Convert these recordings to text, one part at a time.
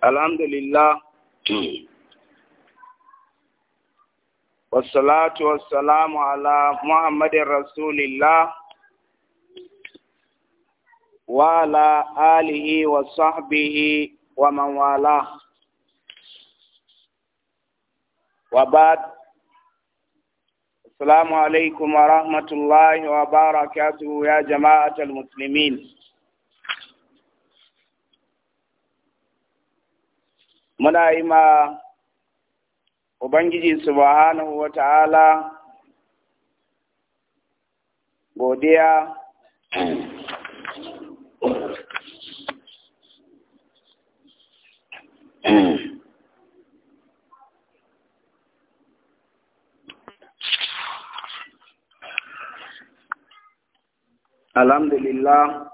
alhamdulillah wassalatu wassalamu ala muhammadin rasulillah wa ala alihi wa sahbihi wa man wala wa ba'd assalamu alaikum wa rahmatullahi wa barakatuhu ya jama'atal muslimin muna yi ma Ubangiji subhanahu wa ta'ala godiya Alhamdulillah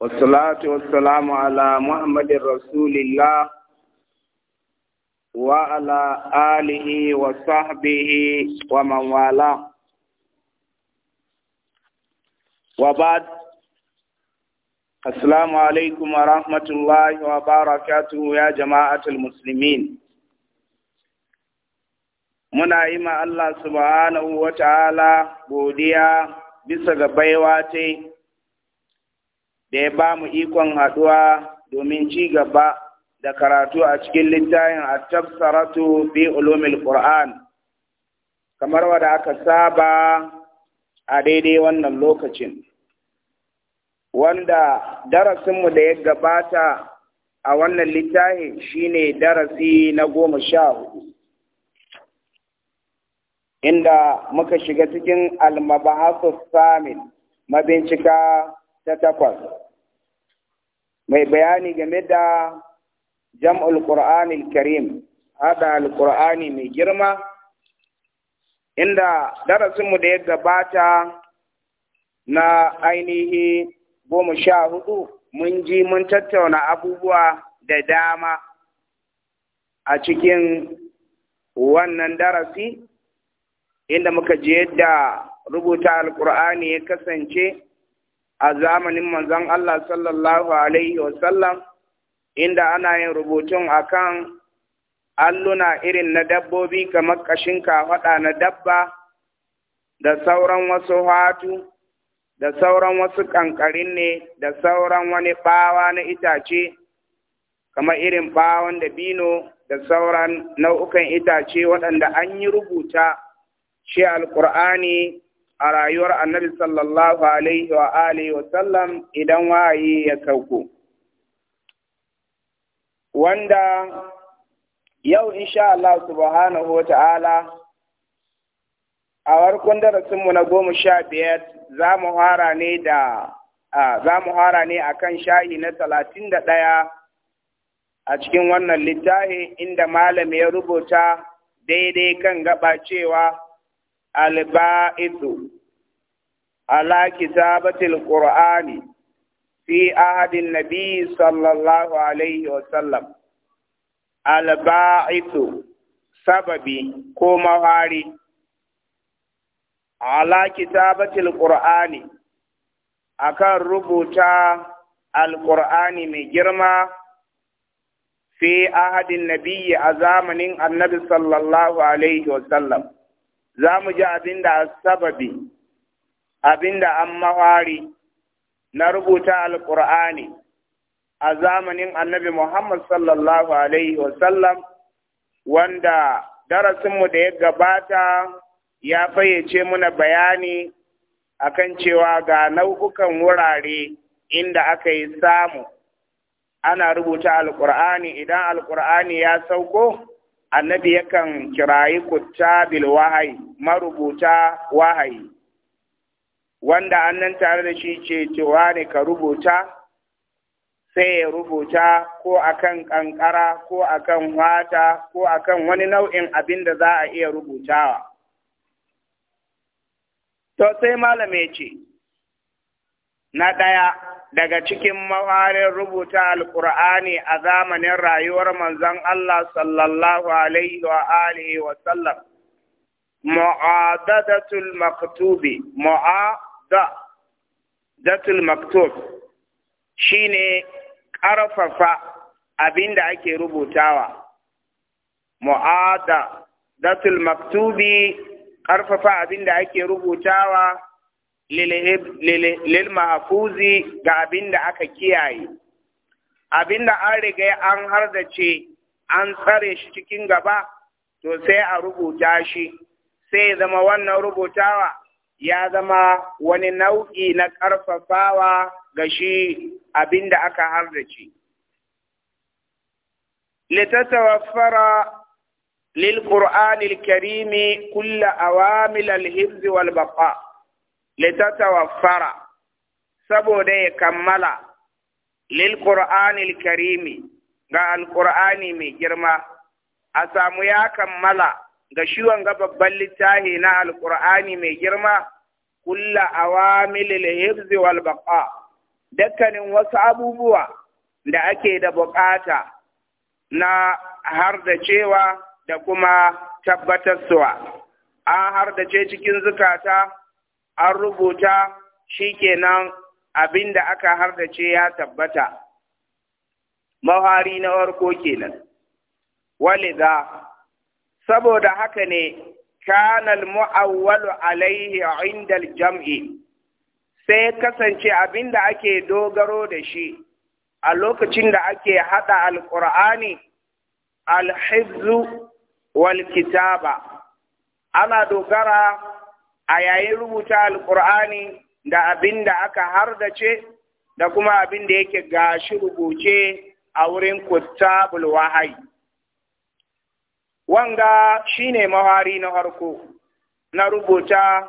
Wasu lati wasu salama ala Muhammadu Rasulillah, wa al'adu al'adi wa su aiki a Mamman Wala. Wabat alaikum wa rahmatulahiyya warraba! Fetur ya jama'aita musulmin. Muna yi ma Allah subhanahu na ta'ala godiya bisa ga baiwa ta da ya ba mu ikon haɗuwa domin ci gaba da karatu a cikin littafin a tafsaratu fi ulumil qur'an kamar wanda aka saba a daidai wannan lokacin wanda darasinmu da ya gabata a wannan littafin shine darasi na goma sha hudu inda muka shiga cikin almabahasu samin mabincika ta takwas mai bayani game da jam'ul ƙur'anil karim haɗa Alƙur'ani mai girma inda darasinmu da ya gabata na ainihi goma sha hudu mun ji mun tattauna abubuwa da dama a cikin wannan darasi inda muka ji yadda rubuta Alƙur'ani ya kasance a zamanin manzon Allah sallallahu alaihi wasallam inda ana yin rubutun akan alluna irin na dabbobi kamar kashin kafaɗa na dabba da sauran wasu hatu da sauran wasu ƙanƙarin ne da sauran wani ɓawa na itace kamar irin ɓawan da bino da sauran nau'ukan itace waɗanda an yi rubuta shi alƙur'ani a rayuwar annabi sallallahu alaihi wa alihi wa sallam idan wahayi ya sauko wanda yau insha Allah subhanahu wa ta'ala a warkon darasinmu na goma sha biyar za mu hara ne da za mu ne a kan shahi na talatin da ɗaya a cikin wannan littafi inda malami ya rubuta daidai kan gaba cewa alba'ithu ala kitabatil qur'ani fi ahadin nabi sallallahu alaihi wa sallam alba'ithu sababi ko mahari. ala kitabatil qur'ani akan rubuta alqur'ani mai girma fi ahadin nabiyyi a zamanin annabi sallallahu alaihi wa sallam za mu ji abin da sababi abin da an mawari na rubuta alƙur'ani a zamanin annabi Muhammad sallallahu Alaihi wasallam wanda darasinmu da ya gabata ya fayyace muna bayani akan cewa ga nau'ukan wurare inda aka yi samu ana rubuta alƙur'ani idan alƙur'ani ya sauko annabi yakan kirayi kutabil wahayi marubuta wahayi wanda annan tare da shi ce cewa ne ka rubuta sai ya rubuta ko akan kankara ko akan wata ko akan wani nau'in abin da za a iya rubutawa to sai malam ce na ɗaya daga cikin mawarin rubuta alƙur'ani a zamanin rayuwar manzon Allah sallallahu alaihi wa alihi wa sallam mu'adadatul maktubi mu'adadatul ne ƙarfafa abin da ake rubutawa mu'adadatul maktubi ƙarfafa abin da ake rubutawa lil mahfuzi ga abin da aka kiyaye abin da an riga an hardace an tsare shi cikin gaba to sai a rubuta shi sai zama wannan rubutawa ya zama wani nau'i na ƙarfafawa ga shi abin da aka lil ƙur'anil للقرآن kulla كل أوامل الحفظ والبقاء litatawaffara saboda ya kammala lil qur'anil karimi ga alƙur'ani mai girma a samu ya kammala ga shi wanga babban littafi na alƙur'ani mai girma kulla awamilil hifzi wal baqa dukkanin wasu abubuwa da ake da bukata na har da cewa da kuma tabbatarsuwa an har da ce cikin zukata an rubuta shikenan abin da aka hardace ya tabbata mahari na warko kenan Waliza, saboda haka ne kana al-mu'awwalu alaihi 'inda al-jam'i sai kasance abin da ake dogaro da shi a lokacin da ake hada al-qur'ani al wal kitaba ana dogara a yayin rubuta alƙur'ani da abin da aka hardace da kuma abin da yake gashi rubuce a wurin kuttabul wahayi. Wanga shine ne mahari na harko na rubuta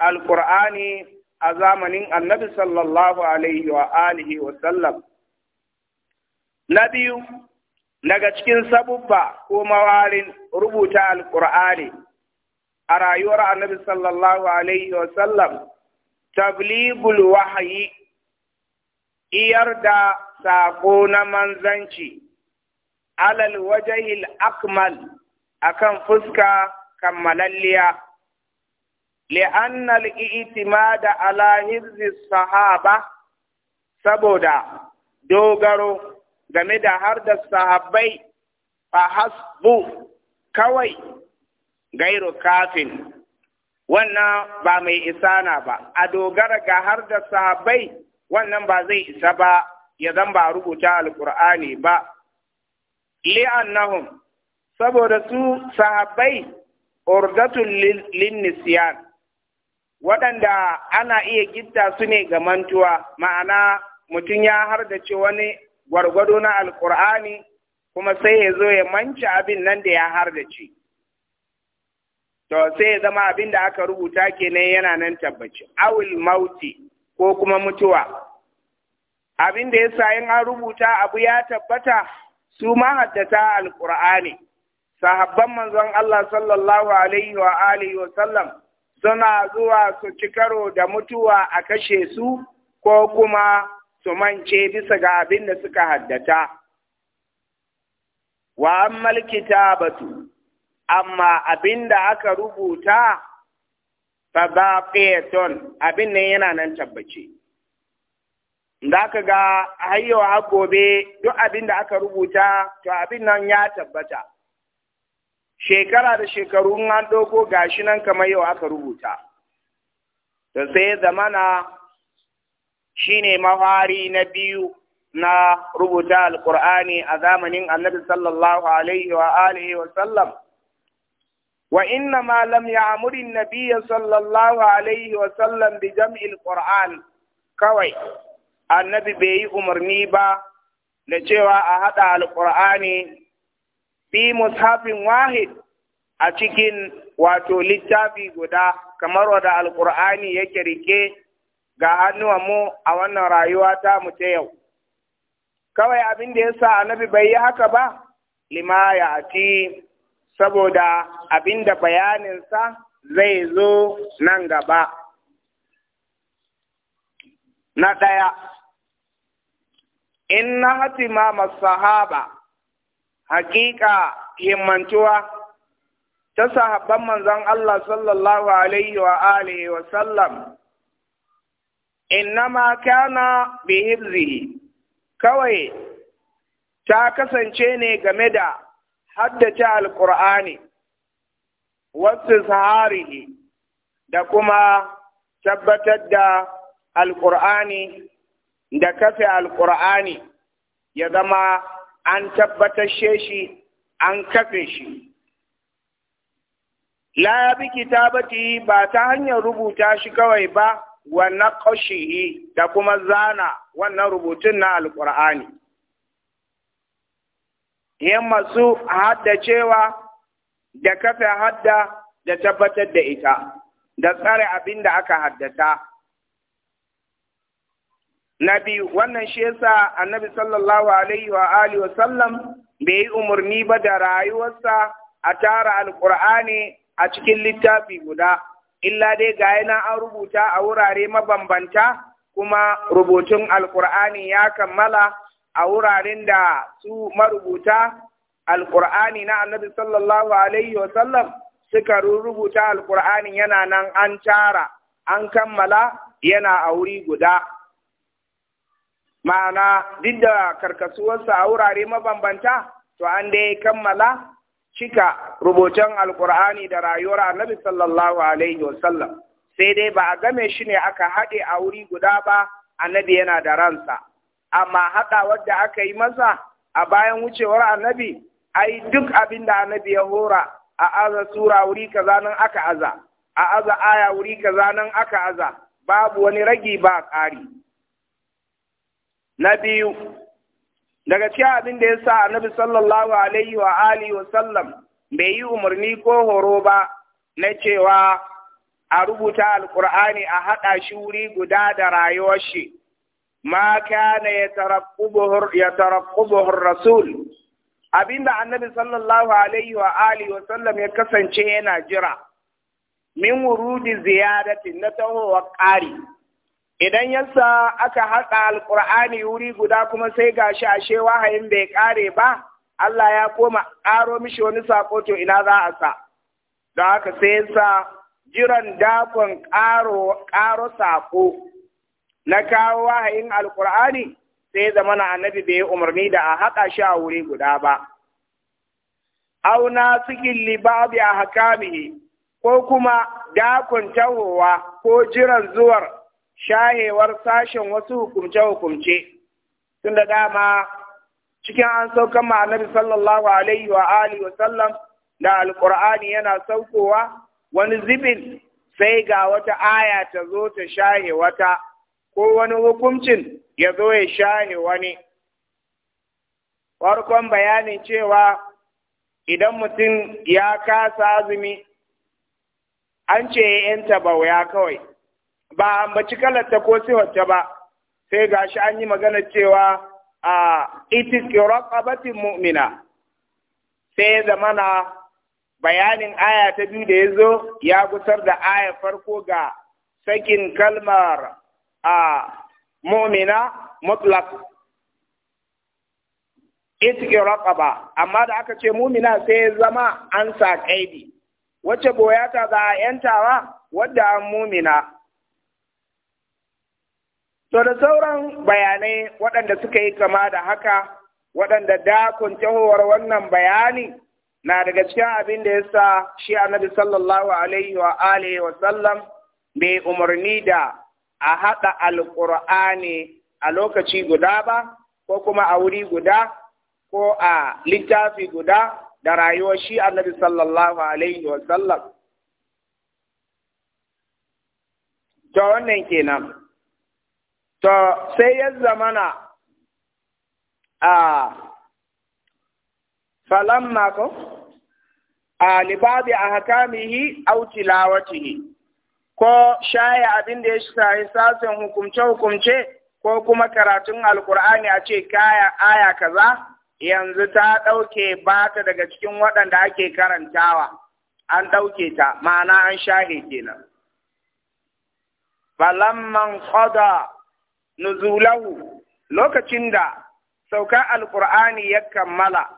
alƙur'ani a zamanin annabi sallallahu alaihi wa alihi wa sallam. Na biyu, daga cikin sabubba ko mawarin rubuta alƙur'ani a rayuwar annabi sallallahu alaihi wa wahyi iyar da sako na manzanci alal wajahil akmal akan fuska kammalalliya li'annal i'timada ala hifzi sahaba saboda dogaro game da har da sahabbai fa hasbu kawai gairu kafin wannan ba mai isa na ba a dogara ga har da sahabbai wannan ba zai isa ba ya zan ba rubuta alkur'ani ba li'annahum saboda su sahabbai urdatun linnisiyan waɗanda ana iya gidda su ne ga mantuwa ma'ana mutum ya hardace wani gwargwado na alkur'ani kuma sai ya zo ya manci abin nan da ya hardace. to sai ya zama abin da aka rubuta kenan yana nan tabbaci awil mauti ko kuma mutuwa abin da yasa in an rubuta abu ya tabbata su ma haddata alqur'ani sahabban manzon Allah sallallahu alaihi wa alihi wa sallam suna zuwa su ci karo da mutuwa a kashe su ko kuma su mance bisa ga abin da suka haddata wa ammal kitabatu amma abinda aka rubuta fa baqiyatun abin nan yana nan tabbace da aka ga hayyawa har gobe duk abin da aka rubuta to abin nan ya tabbata shekara da shekaru an ɗauko gashi nan kamar yau aka rubuta to sai zamana shine mahari na biyu na rubuta alkur'ani a zamanin annabi sallallahu alaihi wa alihi wa sallam wa inna ma ya amurin nabiya sallallahu alaihi wa sallam bi jam'il ƙuran kawai annabi bai yi umarni ba na cewa a hada alqur'ani bi mushafin wahid a cikin wato littafi guda kamar wa da alqur'ani yake rike ga hannuwa mu a wannan rayuwata mu ta yau kawai abinda da yasa annabi bai yi haka ba lima ya saboda abinda bayaninsa zai zo nan gaba. Na ɗaya, in na hatima sahaba, hakika himmantuwa ta sahabban manzon Allah sallallahu alaihi wa alihi wa sallam, ma kana bihibzihi kawai ta kasance ne game da haddace alƙur'ani wasu saharihi da kuma tabbatar da alƙur'ani da kafe alƙur'ani ya zama an tabbatar shi an kafe shi la ya bi kitabati ba ta hanyar rubuta shi kawai ba wa naqshihi da kuma zana wannan rubutun na alƙur'ani su masu haddacewa da kafa hadda da tabbatar da ita da tsare abin da aka haddata. Na biyu, wannan shi yasa annabi sallallahu alaihi wa alihi wa bai yi umarni ba da rayuwarsa a tara alkur'ani a cikin littafi guda, illa dai ga yana an rubuta a wurare mabambanta kuma rubutun alkur'ani ya kammala a wuraren da su marubuta alkur'ani na annabi sallallahu alaihi wasallam suka rubuta alkur'ani yana nan an tara an kammala yana a wuri guda ma'ana duk da karkasuwarsa a wurare mabambanta to an dai kammala cika rubutan alkur'ani da rayuwar annabi sallallahu alaihi wasallam sai dai ba a game shi ne aka haɗe a wuri guda ba annabi yana da ransa amma haɗawar da aka yi masa a bayan wucewar annabi ai duk abin da annabi ya hora a aza sura wuri kaza nan aka aza a aza aya wuri kaza nan aka aza babu wani ragi ba ƙari na biyu daga cikin abin da ya sa annabi sallallahu alaihi wa alihi wa sallam bai yi umarni ko horo ba na cewa a rubuta alkur'ani a haɗa shi wuri guda da rayuwar shi ma kana yataraqqubuhu yataraqqubuhu rasul abinda annabi sallallahu alaihi wa alihi wa sallam ya kasance yana jira min wurudi ziyadati na tahowa ƙari idan yasa aka haɗa alƙur'ani wuri guda kuma sai gashi ashe wahayin bai ƙare ba Allah ya koma ƙaro mishi wani sako to ina za a sa don haka sai yasa jiran dakon ƙaro ƙaro sako na kawo wahayin alkur'ani sai zama na annabi bai yi umarni da a haƙa shi a wuri guda ba Auna nasikin li a ahkamihi ko kuma dakon tahowa ko jiran zuwar shahewar sashen wasu hukumce hukumce tun da dama cikin an saukan ma annabi sallallahu alaihi wa alihi wa sallam da Alƙur'ani yana saukowa wani zibin sai ga wata aya ta zo ta shahe wata ko wani hukuncin ya zo ya shane wani. Farkon bayanin cewa idan mutum ya kasa azumi, an ce ya ‘yanta bauya kawai, ba an baci kalarta ko siwarta ba, sai gashi an yi magana cewa a a abatin mu'mina, sai zamana bayanin aya ta biyu da ya zo ya gusar da aya farko ga sakin kalmar a mu'mina mutlaq itiki raqaba amma da aka ce mu'mina sai zama an sa kaidi wacce boyata za a yantawa wanda an mu'mina to da sauran bayanai waɗanda suka yi kama da haka waɗanda dakon tahowar wannan bayani na daga cikin abin da ya sa shi annabi sallallahu alaihi wa alihi wa sallam bai umarni da a haɗa alƙur'ani a lokaci guda ba ko kuma a wuri guda ko a littafi guda da rayuwar shi annabi sallallahu alaihi wa sallam to wannan kenan to sai ya zamana a falamma ko a libabi a hakamihi au tilawatihi ko shaye abin da ya shafi sasin hukumce-hukumce ko kuma karatun alkur'ani a ce kaya aya kaza yanzu ta ɗauke ba ta daga cikin waɗanda ake karantawa an ɗauke ta ma'ana an shahe kenan Balamman qada nuzulahu lokacin da sauka alkur'ani ya kammala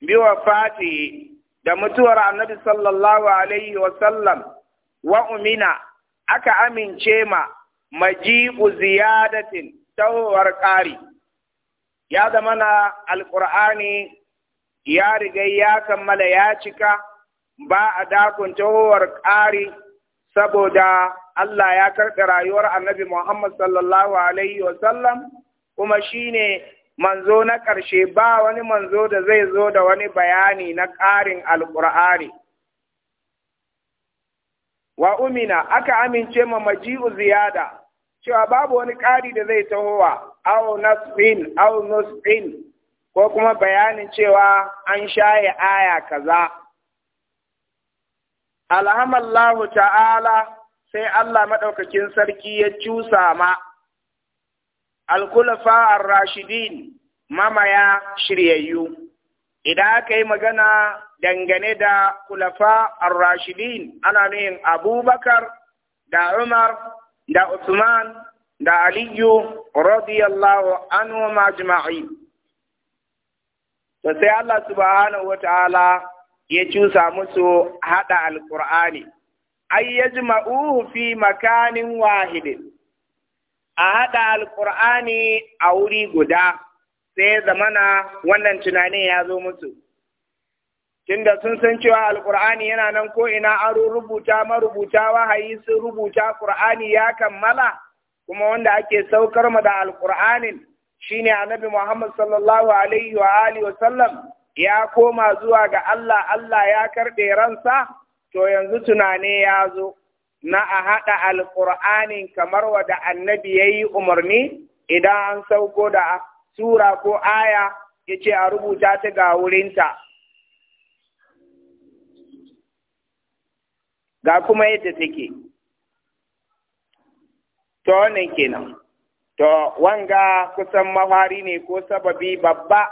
biwa fati da mutuwar annabi sallallahu alaihi wa sallam wa umina aka amince ma maji'u ziyadatin tahowar ƙari ya zama na alƙur'ani ya riga ya kammala ya cika ba a dakon tahowar ƙari saboda Allah ya karɓi rayuwar annabi Muhammad sallallahu alaihi wasallam kuma shine manzo na ƙarshe ba wani manzo da zai zo da wani bayani na ƙarin alƙur'ani. wa umina aka amince ma maji'u ziyada cewa babu wani ƙari da zai tahowa aw nasbin aw nusbin ko kuma bayanin cewa an shaye aya kaza alhamallahu ta'ala sai Allah madaukakin sarki ya cusa ma alkulafa ar-rashidin mamaya shiryayyu idan aka yi magana dangane da kulafa ar-rashidin ana nuhin abubakar da umar da usman da aliyu radiyallahu anhu majma'i to sai Allah subhanahu wa ta'ala ya cusa musu hada alqur'ani ay yajma'uhu fi makanin wahidin a haɗa alƙur'ani a wuri guda sai zamana wannan tunanin ya zo musu tunda sun san cewa alkur'ani yana nan ko ina aro rubuta marubuta wahayi sun rubuta qur'ani ya kammala kuma wanda ake saukar mu da alkur'anin shine annabi Muhammad sallallahu alaihi wa alihi wa sallam ya koma zuwa ga Allah Allah ya karɓe ransa to yanzu tunane ya zo na a haɗa alkur'anin kamar wada annabi ya yi umarni idan an sauko da sura ko aya ya ce a rubuta ta ga wurinta ga kuma yadda take to wannan kenan to wanga kusan mafari ne ko sababi babba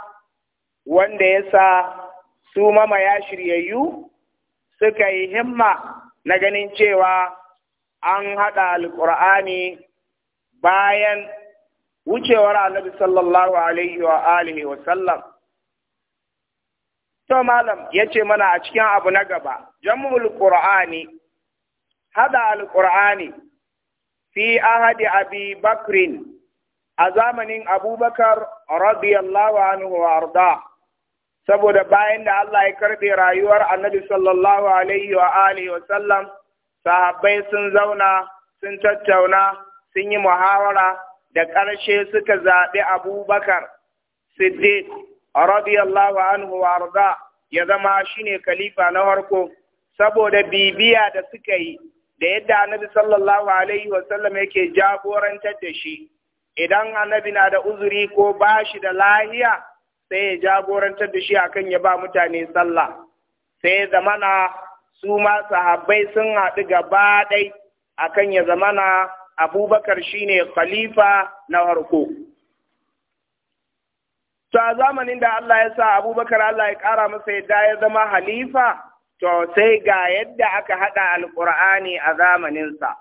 wanda ya sa su mama ya shiryayyu suka yi himma na ganin cewa an haɗa alƙur'ani bayan wucewar annabi sallallahu alaihi wa alihi wa sallam to malam ya ce mana a cikin abu na gaba jam'ul qur'ani hada alqur'ani fi ahadi abi bakrin a zamanin abubakar radiyallahu anhu wa saboda bayan da Allah ya karɓe rayuwar annabi sallallahu alaihi wa alihi wa sun zauna sun tattauna sun yi muhawara da ƙarshe suka zaɓi abubakar siddiq radiyallahu anhu wa ya zama shine khalifa na farko saboda bibiya da suka yi da yadda annabi sallallahu alaihi wasallam yake jagorantar da shi idan annabi na da uzuri ko bashi da lahiya sai ya jagorantar da shi akan ya ba mutane sallah sai ya zamana su ma sahabbai sun haɗu gaba ɗai akan ya zamana abubakar shine khalifa na harko to a zamanin da Allah ya sa abubakar Allah ya ƙara masa yadda ya zama halifa to sai ga yadda aka haɗa alƙur'ani a zamaninsa.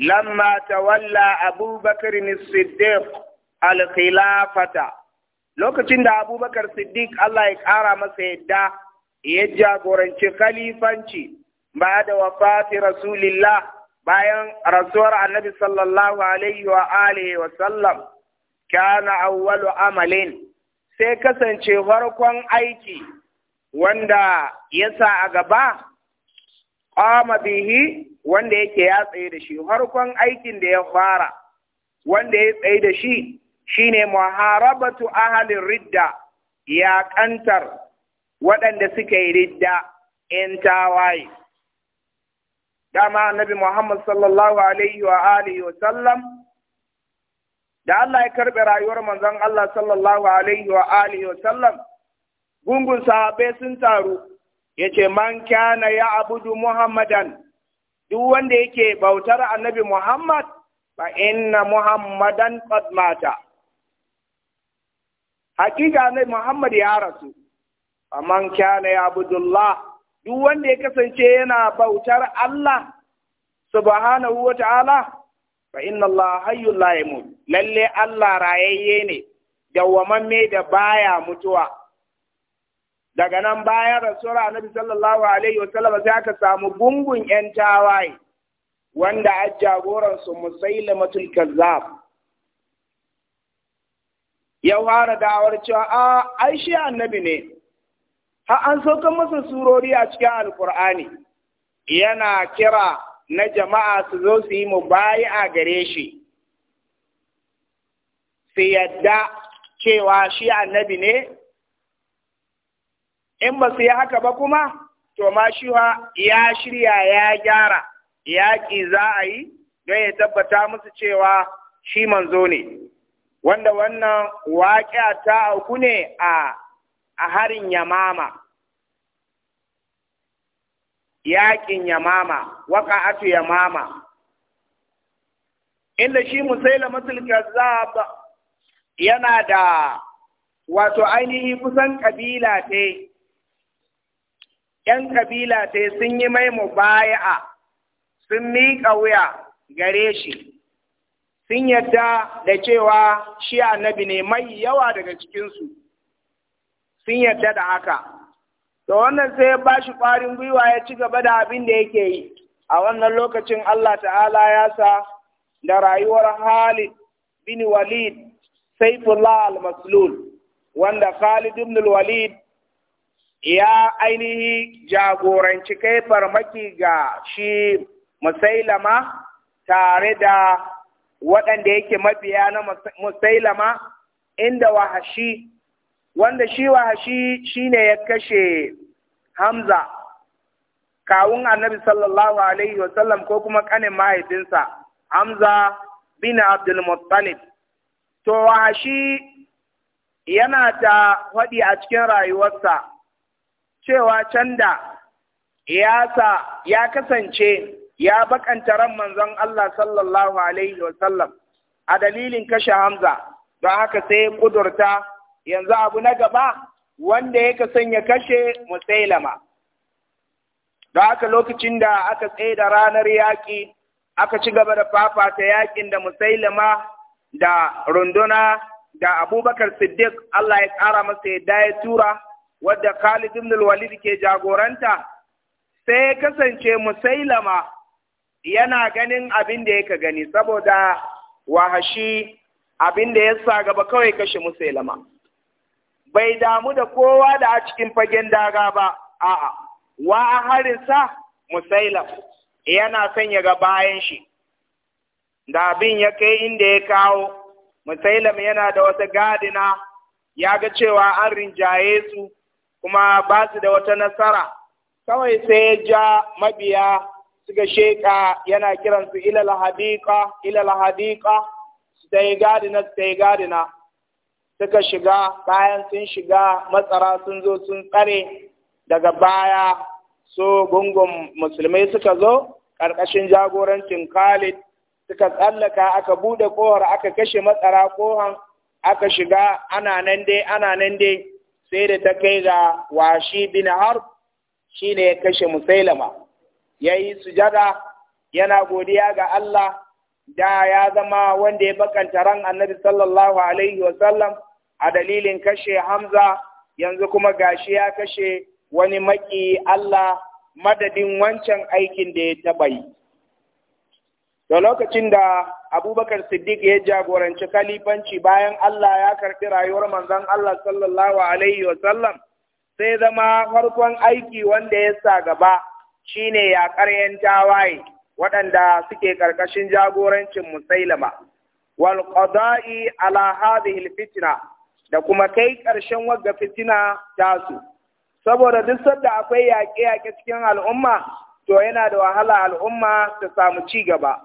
Lamma tawalla Abubakar Siddiq al lokacin da Abubakar Siddiq Allah ya ƙara masa yadda ya jagoranci khalifanci ba da wafati Rasulillah bayan rasuwar annabi sallallahu alaihi wa alihi wa sallam kana awwalu amalin sai kasance farkon aiki wanda ya sa a gaba qama bihi wanda yake ya tsaye da shi harkon aikin da ya fara wanda ya tsaye da shi shine muharabatu ahalin ridda ya kantar waɗanda suka yi ridda in tawaye dama Nabi Muhammad sallallahu alaihi wa alihi wa sallam da Allah ya karɓi rayuwar manzon Allah sallallahu alaihi wa alihi wa sallam gungun sahabai sun taru yace man kana ya abudu muhammadan duk wanda yake bautar annabi muhammad fa inna muhammadan qad mata hakika annabi muhammad ya rasu man kana ya abudullah duk wanda ya kasance yana bautar allah subhanahu wa ta'ala fa inna Allah hayyul la yamut lalle Allah rayayye ne dawwamamme da baya mutuwa daga nan bayan rasuwar annabi sallallahu alaihi wasallam sai aka samu gungun yan tawaye wanda a jagoran su musailamatul kazzab ya fara dawar cewa a ai shi annabi ne ha an sauka masa surori a cikin alkur'ani yana kira na jama'a su zo su yi a gare shi su yadda cewa shi annabi ne in ba su yi haka ba kuma to ma shuha ya shirya ya gyara yaƙi za a yi don ya tabbata musu cewa shi manzo ne wanda wannan waƙiya ta auku ne a a harin yamama yaƙin yamama atu yamama inda shi musailamatul kazzab yana da wato ainihi kusan ƙabila ce ‘yan ƙabila ta sun yi mai mubaya'a sun miƙa wuya gare shi, sun yadda da cewa shi annabi ne mai yawa daga cikinsu, sun yadda da haka. To wannan sai ya ba shi ƙwarin gwiwa ya ci gaba da abin da yake yi, a wannan lokacin Allah ta'ala ya sa da rayuwar Khalid bin Walid Saifullah al-Maslul, wanda Khalid ibn al-Walid ya ainihi jagoranci kai farmaki ga shi musailama tare da waɗanda yake mabiya na musailama inda wahashi wanda shi wahashi shine ya kashe hamza kawun annabi sallallahu alaihi wasallam ko kuma ƙanin mahaifinsa hamza bin abdulmuttalib to wahashi yana ta haɗi a cikin rayuwarsa cewa canda yasa ya kasance ya bakanta ran manzon Allah sallallahu alaihi wasallam a dalilin kashe Hamza don haka sai kudurta yanzu abu na gaba wanda ya sanya kashe musailama don haka lokacin da aka tsaye da ranar yaƙi aka ci gaba da fafata yaƙin da musailama da runduna da abubakar siddiq Allah ya ƙara masa yadda ya tura wadda Khalid ibn al-Walid ke jagoranta sai ya kasance Musailama yana ganin abin da yake gani saboda wahashi abin da ya sa gaba kawai kashe Musailama bai damu da kowa da a cikin fagen daga ba a'a wa harinsa Musailam yana sanya ya ga bayan shi da abin ya kai inda ya kawo Musailam yana da wata gadina ya ga cewa an rinjaye su kuma ba su da wata nasara kawai sai ya ja mabiya suka sheka yana kiransu ilal hadiqa ilal gadina stay gadina suka shiga bayan sun shiga matsara sun zo sun tsare daga baya so gungun musulmai suka zo ƙarƙashin jagorancin Khalid suka tsallaka aka buɗe ƙohar aka kashe matsara kohan aka shiga ana nan dai ana nan dai sai da ta kai ga washi bin harb shi ne ya kashe musailama ya yi sujada yana godiya ga Allah da ya zama wanda ya bakanta ran annabi sallallahu alaihi wa sallam, a dalilin kashe hamza yanzu kuma gashi ya kashe wani maki Allah madadin wancan aikin da ya taɓa yi. Da lokacin da abubakar siddiq ya jagoranci kalifanci bayan Allah ya karɓi rayuwar manzon Allah sallallahu alaihi wasallam sai zama farkon aiki wanda ya sa gaba shine yaƙar yan tawaye waɗanda suke ƙarƙashin jagorancin musailama wal qada'i ala hadhihi fitna da kuma kai ƙarshen wagga fitina ta su. saboda duk sadda akwai yaƙe-yaƙe cikin al'umma to yana da wahala al'umma ta samu ci gaba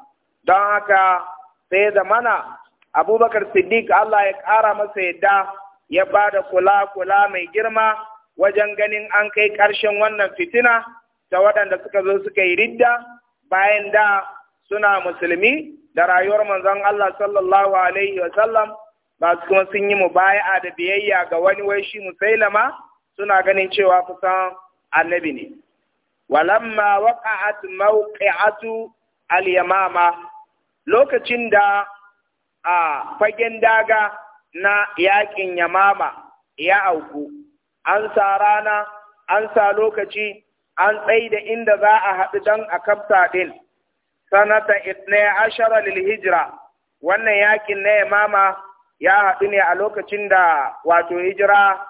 don haka sai zamana abubakar siddiq Allah ya ƙara masa yadda ya ba da kula-kula mai girma wajen ganin an kai ƙarshen wannan fitina ta waɗanda suka zo suka yi ridda bayan da suna musulmi da rayuwar manzon Allah sallallahu alaihi wa sallam ba su kuma sun yi mubaya'a da biyayya ga wani wai shi musailama suna ganin cewa kusan annabi ne walamma waqa'at mawqi'atu al-yamama lokacin da a fagen daga na yakin yamama ya auku an sa rana an sa lokaci an tsaye da inda za a haɗu don a kafta ɗin sanata itne ashara lil hijira wannan yakin na yamama ya haɗu ne a lokacin da wato hijira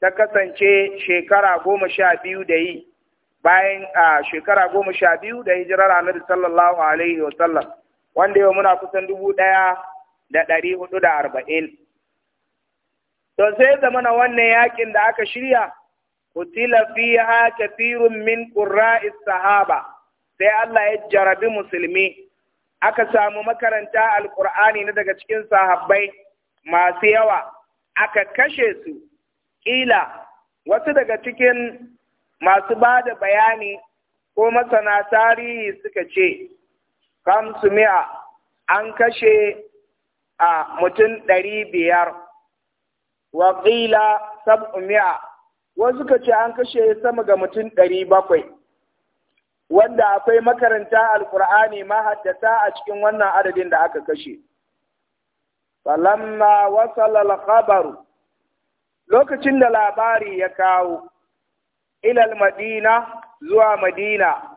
ta kasance shekara goma sha biyu da yi bayan a shekara goma sha biyu da hijirar annabi sallallahu alaihi wa sallam wanda yau muna kusan dubu ɗaya da ɗari hudu da arba'in. To sai zamana wannan yakin da aka shirya, ku fiha kafirun min ƙurra'is sahaba, sai Allah ya jarabi musulmi, aka samu makaranta alƙur'ani na daga cikin sahabbai masu yawa, aka kashe su, ƙila wasu daga cikin masu ba da bayani ko masana tarihi suka ce, kamsu mi'a an kashe a mutum ɗari biyar wa ƙila sab'u mi'a wasu ka ce an kashe sama ga mutum ɗari bakwai wanda akwai makaranta alkur'ani mahaddata a cikin wannan adadin da aka kashe falamma wasa al lokacin da labari ya kawo ilal madina zuwa madina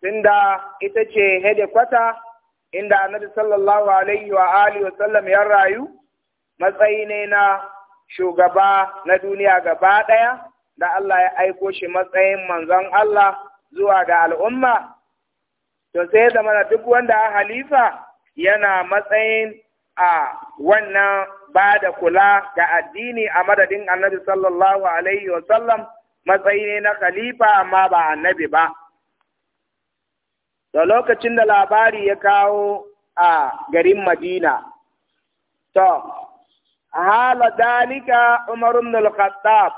tunda ita ce kwata inda annabi sallallahu alaihi wa alihi wa sallam ya rayu matsayi ne na shugaba na duniya gaba ɗaya da Allah ya aiko shi matsayin manzon Allah zuwa ga al'umma to sai ya zama duk wanda a halifa yana matsayin a wannan ba da kula ga addini a madadin annabi sallallahu alaihi wa sallam matsayi ne na khalifa amma ba annabi ba to lokacin da labari ya kawo a garin madina to hala dalika umar ibn al-khattab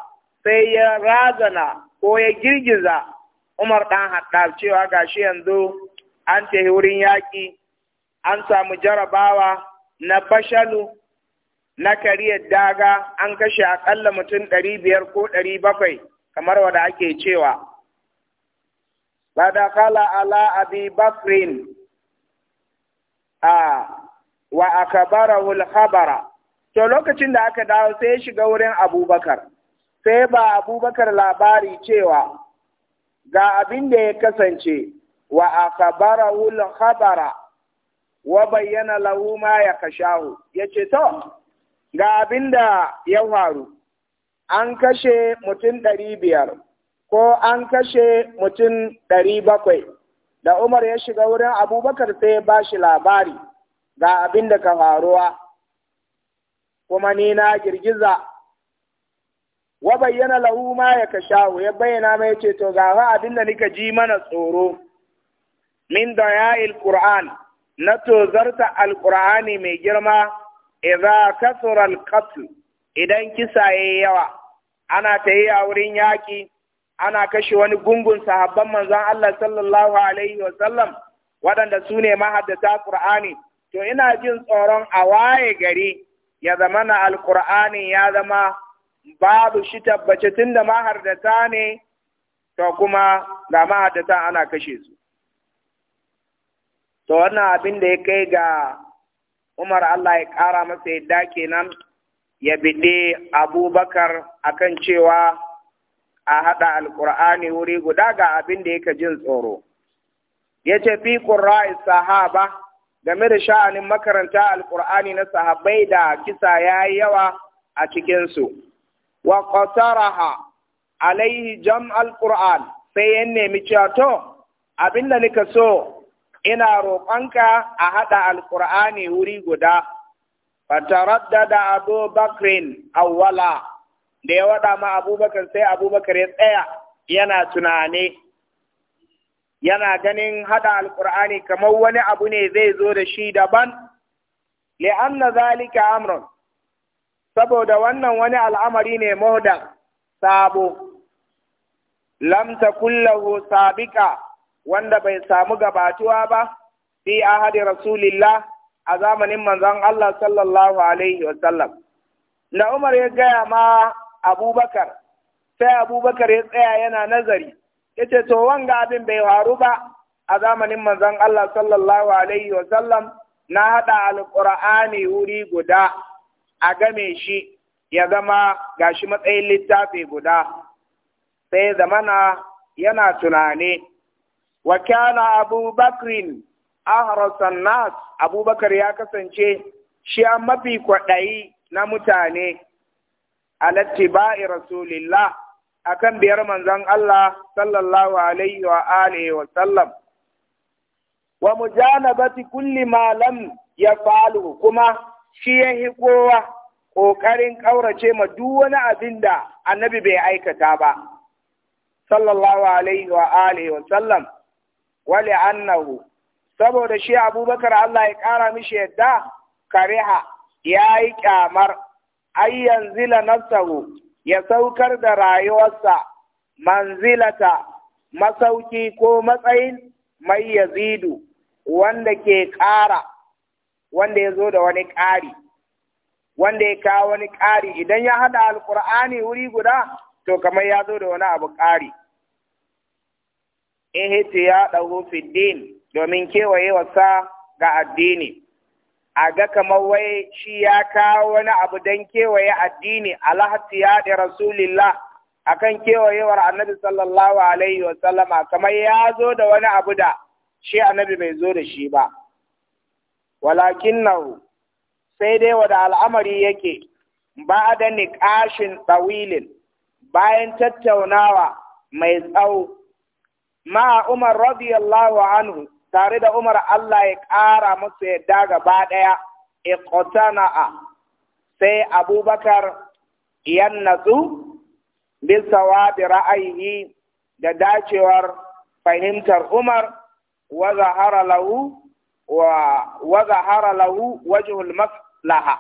sai ya razana ko ya girgiza umar dan Khattab cewa gashi yanzu an tafi wurin yaƙi an samu jarabawa na fashalu na kariyar daga an kashe akalla mutum ɗari biyar ko ɗari bakwai kamar wanda ake cewa Kada kala ala abi bakrin a ah, wa akabarahu al to lokacin da aka dawo sai ya shiga wurin abubakar sai ba abubakar labari cewa ga abin da ya kasance wa akabarahu al-khabara wa bayyana lahu ma ya kashahu to ga abin da ya faru an kashe mutum ɗari biyar ko an kashe mutum ɗari bakwai da Umar ya shiga wurin abubakar sai ba shi labari ga abin da ka faruwa kuma ni na girgiza wa bayyana lahu ma ya kasha ya bayyana mai ce to ga abin da nika ji mana tsoro min daya'il qur'an na tozarta alqur'ani mai girma idza kasura alqatl idan kisa yayi yawa ana tayi a wurin yaƙi. ana kashe wani gungun sahabban manzon Allah sallallahu alaihi wa sallam waɗanda su ne mahaddata Qur'ani to ina jin tsoron a waye gari ya zama na alkur'ani ya zama babu shi tabbace tun da mahardata ne to kuma ga mahardata ana kashe su to wannan abin da ya kai ga umar Allah ya ƙara masa yadda kenan ya biɗe abubakar akan cewa a haɗa alƙur'ani wuri guda ga abin da yake jin tsoro ya ce fi ƙurra'i sahaba game da sha'anin makaranta alƙur'ani na sahabbai da kisa ya yi yawa a cikinsu wa qasaraha alaihi jam alƙur'an sai ya nemi cewa to abin da nika so ina roƙonka a haɗa alƙur'ani wuri guda fataraddada abu bakrin awwala da ya waɗa ma abubakar sai abubakar ya tsaya yana tunani. yana ganin haɗa alkur'ani kamar wani abu ne zai zo da shi daban li'anna zalika amrun saboda wannan wani al'amari ne mahudan sabo lam takullahu sabika wanda bai samu gabatuwa ba fi ahadi rasulillah a zamanin manzon Allah sallallahu alaihi wa sallam na Umar ya gaya ma abubakar sai abubakar ya tsaya yana nazari ya ce to wanga abin bai faru ba a zamanin manzon Allah sallallahu alaihi wa sallam na haɗa alqur'ani wuri guda a game shi ya zama gashi matsayin littafi guda sai zamana yana tunani wa kana abubakrin ahrasan nas abubakar ya kasance shi an mafi kwaɗayi na mutane ala rasulillah akan biyar manzon Allah sallallahu alaihi wa alihi wa sallam wa mujanabati kulli ma lam yafalu kuma shi yahi kowa kokarin kaurace ma duk wani abin da annabi bai aikata ba sallallahu alaihi wa alihi wa sallam wa li'annahu saboda shi Abubakar Allah ya kara mishi yadda kariha yayi kyamar ayyan zila nafsahu ya saukar da rayuwarsa manzilata masauki ko matsayin mai yazidu wanda ke ƙara wanda ya zo da wani ƙari wanda ya kawo wani ƙari idan ya haɗa alƙur'ani wuri guda to kamar ya zo da wani abu ƙari in ya ɗago fiddin domin kewaye wasa ga addini a ga kamar wai shi ya kawo wani abu don kewaye addini alhatiya da rasulillah kan kewayewar annabi sallallahu alaihi wasallama kamar ya zo da wani abu da shi annabi bai zo da shi ba walakin sai dai wada al'amari yake ba da niƙashin tsawilin bayan tattaunawa mai tsawo ma umar radiyallahu anhu tare da Umar Allah ya ƙara musu yadda gaba ɗaya iqtana'a sai Abubakar yan natsu bisawa da ra'ayi da dacewar fahimtar Umar wa zahara lahu wa zahara maslaha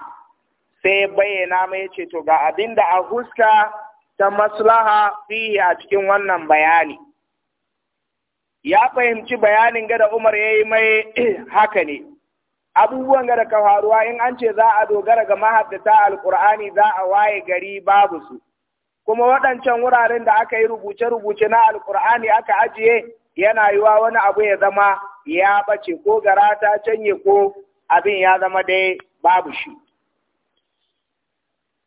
sai bayyana mai ce to ga abin da a huska ta maslaha fiye a cikin wannan bayani ya fahimci bayanin gada Umar ya yi mai haka ne. Abubuwan gada ka faruwa in an ce za a dogara ga mahaddata Alƙur'ani za a waye gari babu su. Kuma waɗancan wuraren da aka yi rubuce-rubuce na Alƙur'ani aka ajiye yana yiwa wani abu ya zama ya ɓace ko gara ta canye ko abin ya zama dai babu shi.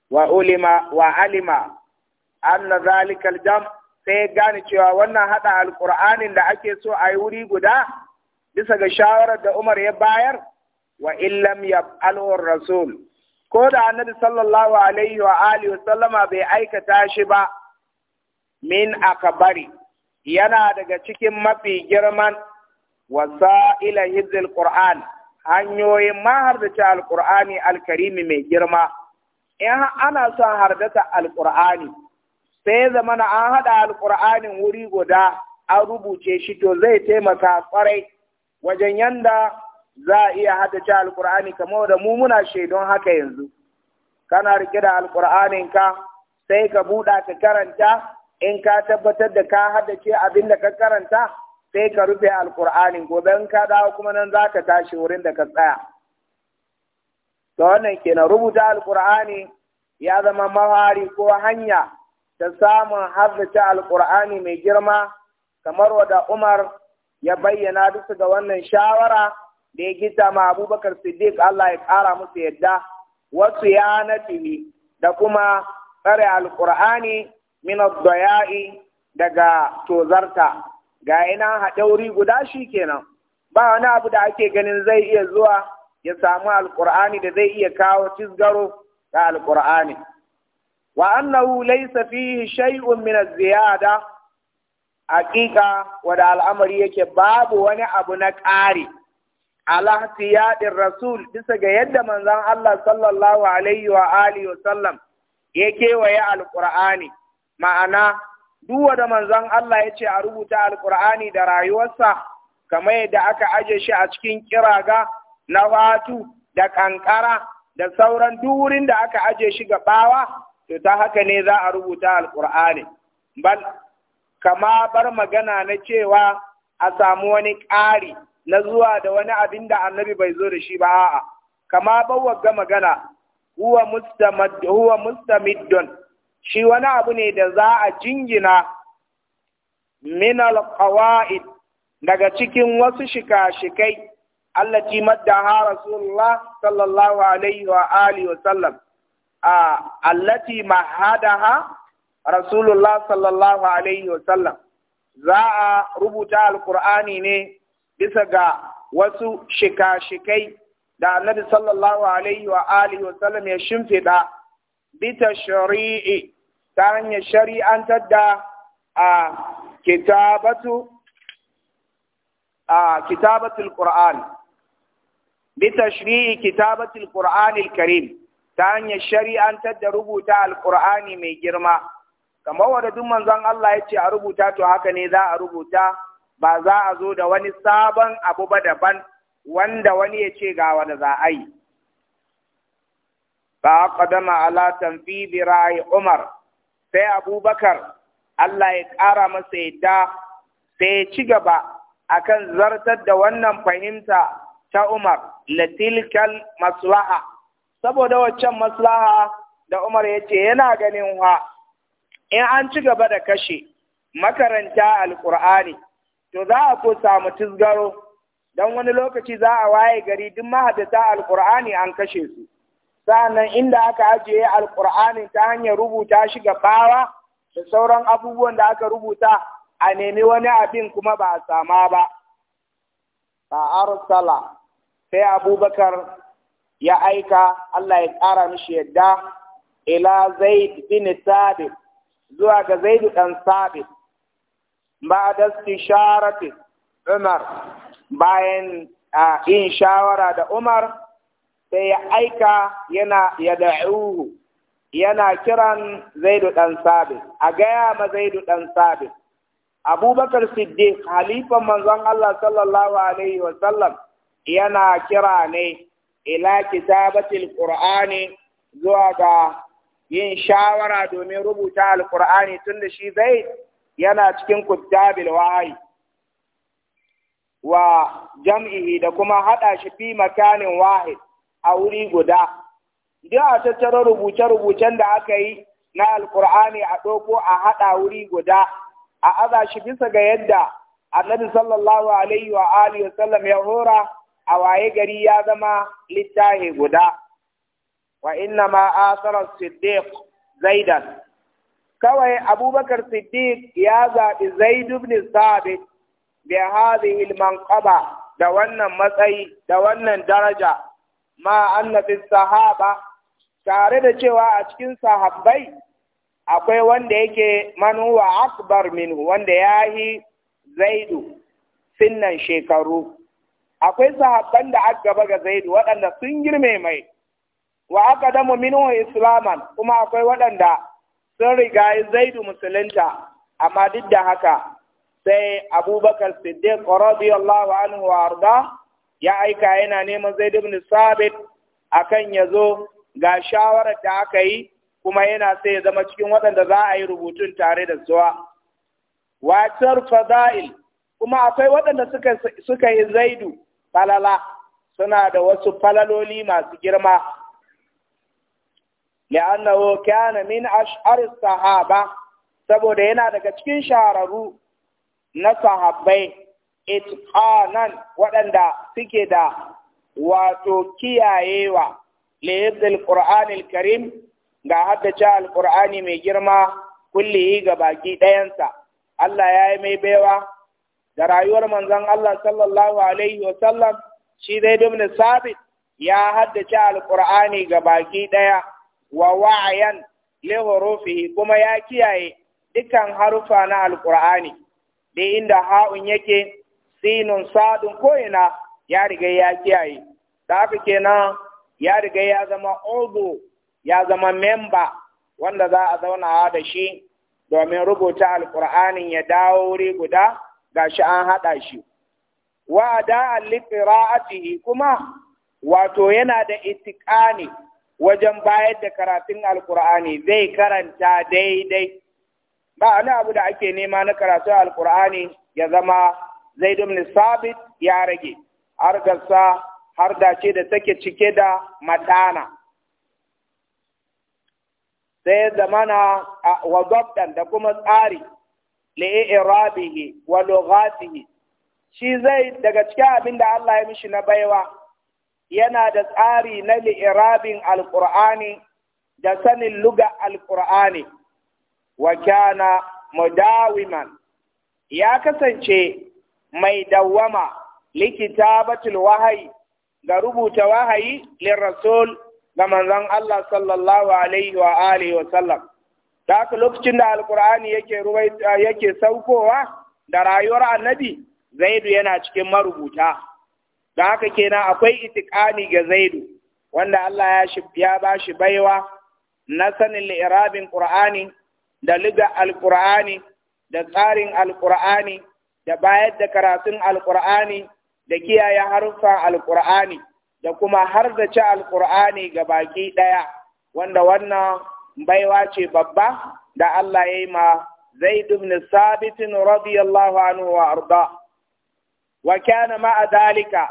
Wa ulima wa alima zalikal jam' sai ya gane cewa wannan haɗa alƙur'anin da ake so a yi wuri guda bisa ga shawarar da Umar ya bayar wa illam alwar rasul ko da annabi sallallahu alaihi wa alihi wa sallama bai aikata shi ba min akabari yana daga cikin mafi girman ila hizil qur'an hanyoyin ta Alƙur'ani alkarimi mai girma in ana son hardata Alƙur'ani. sai ya zama na an haɗa alƙur'anin wuri guda an rubuce shi to zai taimaka kwarai wajen yanda za a iya haddace alƙur'ani kamar da mu muna shaidon haka yanzu kana rike da alƙur'anin ka sai ka buɗa ka karanta in ka tabbatar da ka haddace abin da ka karanta sai ka rufe alƙur'anin gobe in ka dawo kuma nan za ka tashi wurin da ka tsaya to wannan kenan rubuta alƙur'ani ya zama mahari ko hanya ta samun haddace alƙur'ani mai girma kamar wada Umar ya bayyana bisa ga wannan shawara da ya gita ma Abubakar Siddiq Allah ya ƙara musu yadda wasu ya nafi da kuma tsare alƙur'ani min doya'i daga tozarta ga ina haɗauri guda shi kenan ba wani abu da ake ganin zai iya zuwa ya samu alƙur'ani da zai iya kawo cizgaro ga alƙur'ani. wa annahu laysa fihi shay'un min az-ziyada wa da al'amari yake babu wani abu na ƙari ala tiyadin rasul bisa ga yadda manzon Allah sallallahu alaihi wa alihi wa sallam yake waye ma'ana duk da manzon Allah yace a rubuta alqur'ani da rayuwarsa kamar yadda aka aje shi a cikin kiraga na watu da kankara da sauran duk wurin da aka aje shi ga ɓawa? to ta haka ne za a rubuta Alƙur'ani? bal kama bar magana na cewa a samu wani ƙari na zuwa da wani abin da annabi bai zo da shi ba a'a kama ga magana huwa mustamad huwa mustamiddun shi wani abu ne da za a jingina min alqawaid daga cikin wasu shika-shikai allati ha rasulullah sallallahu alaihi wa alihi wa sallam allati mahadaha rasulullah sallallahu za a rubuta Alƙur'ani ne bisa ga wasu shika-shikai da annabi sallallahu ya shimfiɗa bita shari'i ta hanyar shari'antar da a kitabatu a kitabatul bita karim ta hanyar shari'antar da rubuta Alƙur'ani mai girma kamar wanda duk manzon Allah ya ce a rubuta to haka ne za a rubuta ba za a zo da wani sabon abu ba daban wanda wani ya ce ga wani za a yi ba qadama ala tanfidi ra'i Umar sai Abubakar Allah ya ƙara masa yadda sai ya ci gaba akan zartar da wannan fahimta ta Umar latilkal maslaha saboda waccan maslaha da Umar ya ce yana ganin wa in an ci gaba da kashe makaranta alkur'ani to za a ko samu tizgaro don wani lokaci za a waye gari duk mahadata alkur'ani an kashe su sa'annan inda aka ajiye alkur'ani ta hanyar rubuta shi ga bawa da sauran abubuwan da aka rubuta a nemi wani abin kuma ba a sama ba a arsala sai abubakar ya aika Allah ya ƙara mishi yadda ila zaid bin sabit zuwa ga zaid dan sabit ba da istisharati Umar bayan yin shawara da Umar sai ya aika yana ya da'uhu yana kiran zaid dan sabit a gaya ma zaid dan sabit abubakar siddiq halifan manzon Allah sallallahu alaihi wa sallam yana kira ne ila kitabatil qur'ani zuwa ga yin shawara domin rubuta alqur'ani tunda shi zai yana cikin kutabil wahayi wa jam'ihi da kuma hada shi fi makanin wahid a wuri guda Idan a tattara rubuce-rubucen da aka yi na alkur'ani a ɗoko a haɗa wuri guda a aza shi bisa ga yadda annabi sallallahu alaihi wa alihi ya hora a waye gari ya zama littahi guda wa inna ma asara siddiq zaidan kawai abubakar siddiq ya zaɓi zaid ibn sabit bi hadhihi almanqaba da wannan matsayi da wannan daraja ma anna sahaba tare da cewa a cikin sahabbai akwai wanda yake manuwa akbar minhu wanda yahi zaidu sinnan shekaru akwai sahabban da aka gaba ga zaidu waɗanda sun girme mai wa aka damu wa islaman kuma akwai waɗanda sun riga Zaidu musulunta amma duk da haka sai Abubakar Siddiq radiyallahu anhu wa arda ya aika yana neman zaidu ibn Sabit akan ya zo ga shawarar da aka yi kuma yana sai ya zama cikin waɗanda za a yi rubutun tare da zuwa. Wacar fada'il kuma akwai waɗanda suka yi zaidu falala suna da wasu falaloli masu girma li'annahu kana min ash'ar sahaba saboda yana daga cikin shahararru na sahabbai itqanan waɗanda suke da wato kiyayewa lihibdil qur'anil karim ga haddace al-qur'ani mai girma kullihi ga baki ɗayansa Allah ya yi mai baiwa da rayuwar manzon Allah sallallahu alaihi wa sallam shi dai ibn sabit ya haddace alqur'ani ga baki daya wa wa'yan li hurufihi kuma ya kiyaye dukan harufa na alqur'ani dai inda ha'un yake sinun sadun ko ina ya riga ya kiyaye da haka kenan ya riga ya zama ogo ya zama memba wanda za a zauna da shi domin rubuta alqur'anin ya dawo wuri guda gashi an haɗa shi wa da li kuma wato yana da itiqani wajen bayar da karatun Alƙur'ani zai karanta daidai ba wani abu da ake nema na karatun alkur'ani ya zama zai dumni sabit ya rage har gasa har dace da take cike da matana sai zamana wa da kuma tsari li'irabihi wa lughatihi shi zai daga cikin abin da Allah ya mishi na baiwa yana da tsari na li'irabin Alƙur'ani da sanin luga Alƙur'ani. wa kana ya kasance mai dawwama batul wahayi ga rubuta wahayi lirrasul ga manzon Allah sallallahu alaihi wa alihi wa sallam da haka lokacin da alkur'ani yake yake saukowa da rayuwar annabi zaidu yana cikin marubuta da haka kenan akwai itikani ga zaidu wanda Allah ya shi ya ba shi baiwa na sanin li'irabin qur'ani da liga alkur'ani da tsarin alkur'ani da bayar da karatun alkur'ani da kiyaye haruffan alkur'ani da kuma harzace alkur'ani ga baki ɗaya, wanda wannan baiwa ce babba da Allah ya yi ma Zaid ibn Sabit radiyallahu anhu wa arda wa kana ma adalika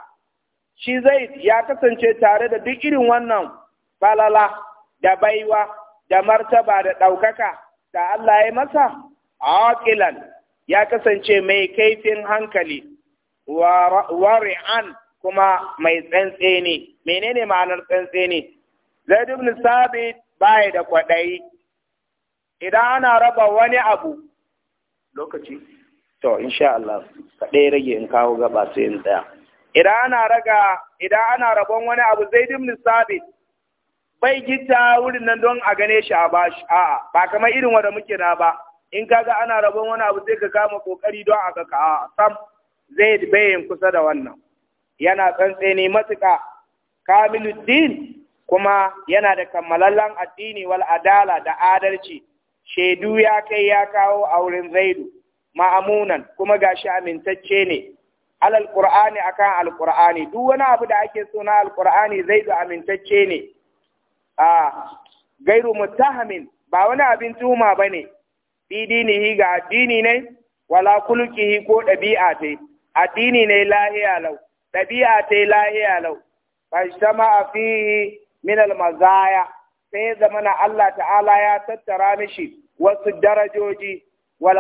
shi Zaid ya kasance tare da duk irin wannan falala da baiwa da martaba da ɗaukaka da Allah ya yi masa aqilan ya kasance mai kaifin hankali wa wari'an kuma mai tsantseni menene ma'anar tsantseni Zaid ibn Sabit baya da kwaɗayi idan ana raba wani abu lokaci to insha Allah kaɗai rage in kawo gaba sai in tsaya idan ana raga idan ana rabon wani abu zai dimni sabit bai gita wurin nan don a gane shi a bashi a'a ba kamar irin wanda muke na ba in kaga ana rabon wani abu zai ka kama kokari don a ga ka sam zai bayin kusa da wannan yana tsantseni matuƙa kamiluddin kuma yana da kammalallen addini wal adala da adalci shaidu ya kai ya kawo a wurin zaidu ma'amunan kuma ga shi amintacce ne alal qur'ani akan qur'ani duk wani abu da ake so na qur'ani zaidu amintacce ne a gairu muttahamin ba wani abin tuhuma bane ne. dinihi ga addini ne wala kulkihi ko ɗabi'a ta addini ne lahiya lau ɗabi'a ta lahiya lau fajtama fihi min almazaya sai zamana Allah ta'ala ya tattara mishi wasu darajoji wal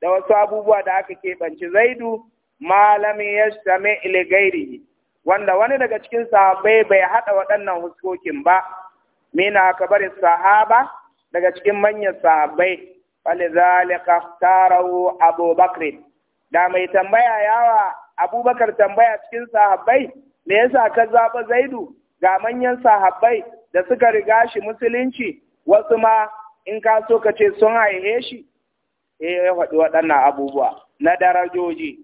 da wasu abubuwa da aka keɓanci zaidu malami ya same iligairi wanda wani daga cikin sahabbai bai haɗa waɗannan huskokin ba mina bari sahaba daga cikin manyan sahabbai falizalika tarahu abubakar da mai tambaya yawa abubakar tambaya cikin sahabbai me yasa ka zaɓa zaidu ga manyan sahabbai da suka riga shi musulunci wasu ma in ka so ka ce sun haihe shi eh ya faɗi waɗannan abubuwa na darajoji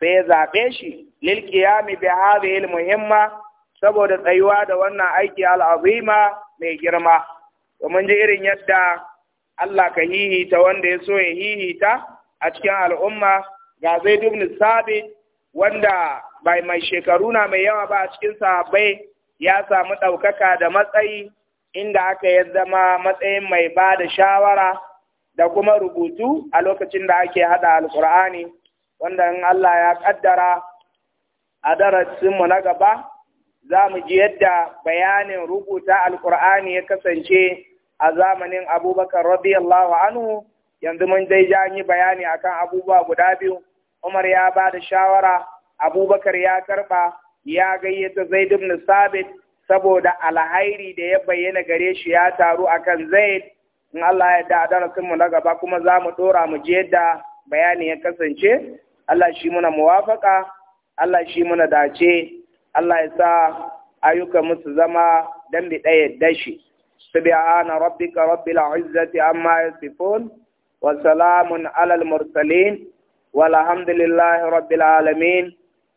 sai ya zaɓe shi lil qiyami bi hadhihi muhimma saboda tsayuwa da wannan aiki al'azima mai girma domin ji irin yadda Allah ka hihita wanda ya so ya hihita a cikin al'umma ga zai ibn sabit wanda bai mai shekaru na mai yawa ba a cikin sahabbai ya samu ɗaukaka da matsayi inda aka ya zama matsayin mai ba da shawara da kuma rubutu a lokacin da ake haɗa alkur'ani wanda in Allah ya ƙaddara a darasinmu na gaba za mu ji yadda bayanin rubuta alkur'ani ya kasance a zamanin abubakar radiyallahu anhu yanzu mun dai ja yi bayani akan abubuwa guda biyu umar ya ba da shawara abubakar ya karba, ya gayyata zaid ibn sabit saboda alhairi da ya bayyana gare shi ya taru akan zaid in Allah ya da mu na gaba kuma za mu ɗora mu je da bayani ya kasance Allah shi muna muwafaka Allah shi muna dace Allah ya sa ayyukan musu zama dan bi ɗaya dashi subhana rabbika rabbil izzati amma yasifun wa salamun alal mursalin والحمد لله رب العالمين